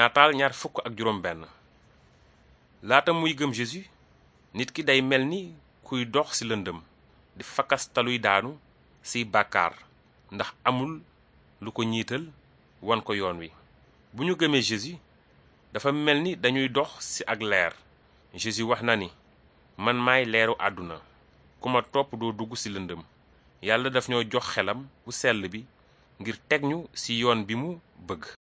naataal ñaar fukk ak juróom laata muy gëm Jésus nit ki day mel ni kuy dox ci lëndëm di taluy daanu ci bàkkaar ndax amul lu ko ñiital wan ko yoon wi bu ñu gëmee Jésus dafa mel ni dañuy dox ci ak leer Jésus wax na ni man maay leeru àdduna ku ma topp doo dugg ci lëndëm yàlla daf ñoo jox xelam bu sell bi ngir teg ñu ci yoon bi mu bëgg